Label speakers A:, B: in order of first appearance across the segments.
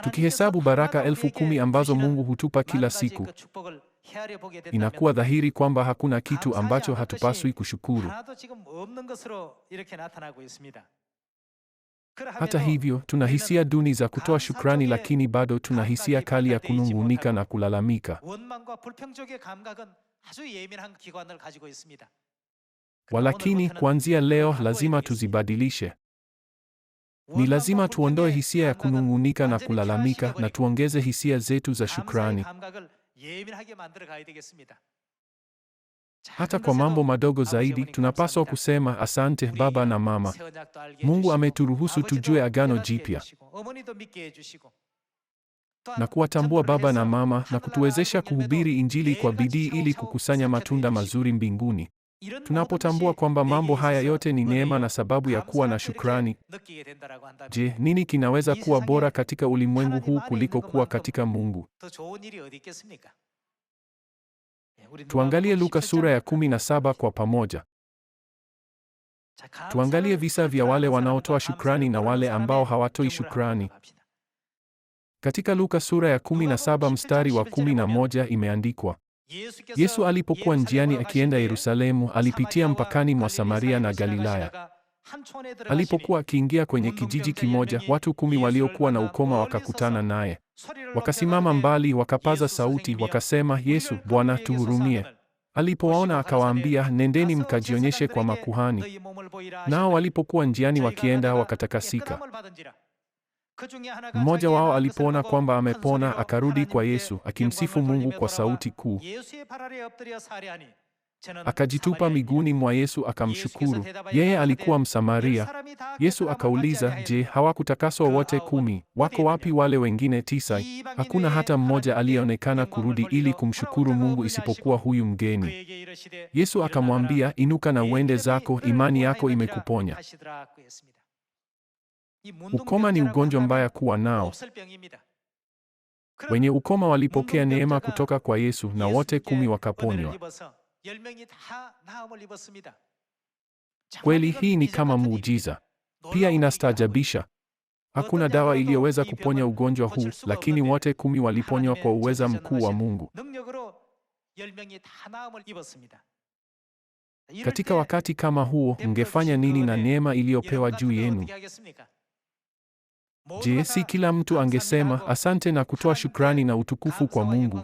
A: Tukihesabu baraka elfu kumi ambazo Mungu hutupa kila siku, inakuwa dhahiri kwamba hakuna kitu ambacho hatupaswi kushukuru. Hata hivyo, tuna hisia duni za kutoa shukrani, lakini bado tuna hisia kali ya kunungunika na kulalamika. Walakini kuanzia leo lazima tuzibadilishe. Ni lazima tuondoe hisia ya kunung'unika na kulalamika na tuongeze hisia zetu za shukrani, hata kwa mambo madogo zaidi. Tunapaswa kusema asante Baba na Mama. Mungu ameturuhusu tujue Agano Jipya na kuwatambua Baba na Mama na kutuwezesha kuhubiri Injili kwa bidii ili kukusanya matunda mazuri mbinguni. Tunapotambua kwamba mambo haya yote ni neema na sababu ya kuwa na shukrani, je, nini kinaweza kuwa bora katika ulimwengu huu kuliko kuwa katika Mungu? Eh, Tuangalie Luka sura ya 17 kwa pamoja. Tuangalie visa vya wale wanaotoa shukrani na wale ambao hawatoi shukrani. Katika Luka sura ya 17 mstari wa 11 imeandikwa Yesu alipokuwa njiani akienda Yerusalemu, alipitia mpakani mwa Samaria na Galilaya. Alipokuwa akiingia kwenye kijiji kimoja, watu kumi waliokuwa na ukoma wakakutana naye. Wakasimama mbali, wakapaza sauti, wakasema, Yesu Bwana, tuhurumie. Alipowaona akawaambia, nendeni mkajionyeshe kwa makuhani. Nao walipokuwa njiani wakienda, wakatakasika. Mmoja wao alipoona kwamba amepona, akarudi kwa Yesu akimsifu Mungu kwa sauti kuu. Akajitupa miguuni mwa Yesu akamshukuru. Yeye alikuwa Msamaria. Yesu akauliza, je, hawakutakaswa wote kumi? Wako wapi wale wengine tisa? Hakuna hata mmoja aliyeonekana kurudi ili kumshukuru Mungu isipokuwa huyu mgeni. Yesu akamwambia, inuka na uende zako, imani yako imekuponya. Ukoma ni ugonjwa mbaya kuwa nao. Wenye ukoma walipokea neema kutoka kwa Yesu na wote kumi wakaponywa. Kweli hii ni kama muujiza. Pia inastaajabisha. Hakuna dawa iliyoweza kuponya ugonjwa huu, lakini wote kumi waliponywa kwa uweza mkuu wa Mungu. Katika wakati kama huo, mngefanya nini na neema iliyopewa juu yenu? Je, si kila mtu angesema asante na kutoa shukrani na utukufu kwa Mungu?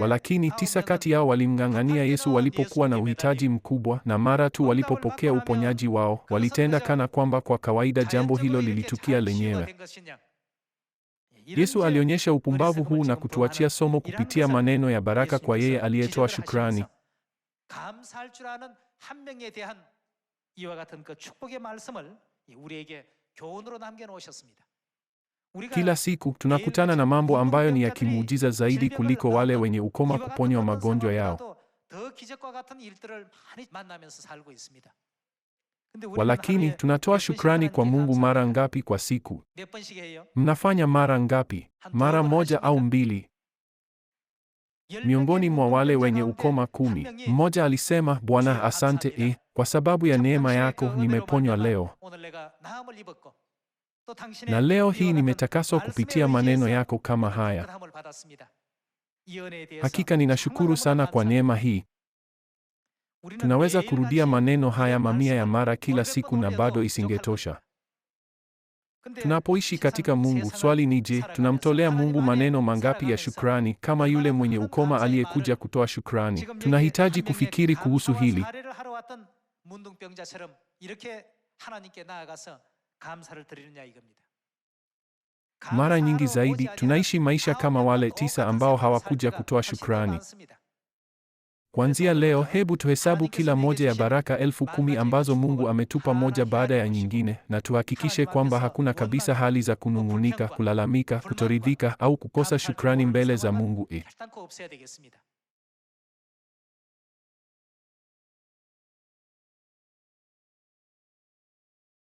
A: Walakini tisa kati yao walimng'ang'ania Yesu walipokuwa na uhitaji mkubwa, na mara tu walipopokea uponyaji wao, walitenda kana kwamba kwa kawaida jambo hilo lilitukia lenyewe. Yesu alionyesha upumbavu huu na kutuachia somo kupitia maneno ya baraka kwa yeye aliyetoa shukrani. Kila siku tunakutana na mambo ambayo ni ya kimuujiza zaidi kuliko wale wenye ukoma kuponywa magonjwa yao. Walakini tunatoa shukrani kwa Mungu mara ngapi kwa siku? Mnafanya mara ngapi? Mara moja au mbili? Miongoni mwa wale wenye ukoma kumi, mmoja alisema, Bwana asante e, kwa sababu ya neema yako nimeponywa leo, na leo hii nimetakaswa kupitia maneno yako kama haya. Hakika ninashukuru sana kwa neema hii. Tunaweza kurudia maneno haya mamia ya mara kila siku na bado isingetosha. Tunapoishi katika Mungu, swali ni je, tunamtolea Mungu maneno mangapi ya shukrani kama yule mwenye ukoma aliyekuja kutoa shukrani? Tunahitaji kufikiri kuhusu hili. Mara nyingi zaidi tunaishi maisha kama wale tisa ambao hawakuja kutoa shukrani. Kuanzia leo, hebu tuhesabu kila moja ya baraka elfu kumi ambazo Mungu ametupa moja baada ya nyingine, na tuhakikishe kwamba hakuna kabisa hali za kunung'unika, kulalamika, kutoridhika au kukosa shukrani mbele za Mungu.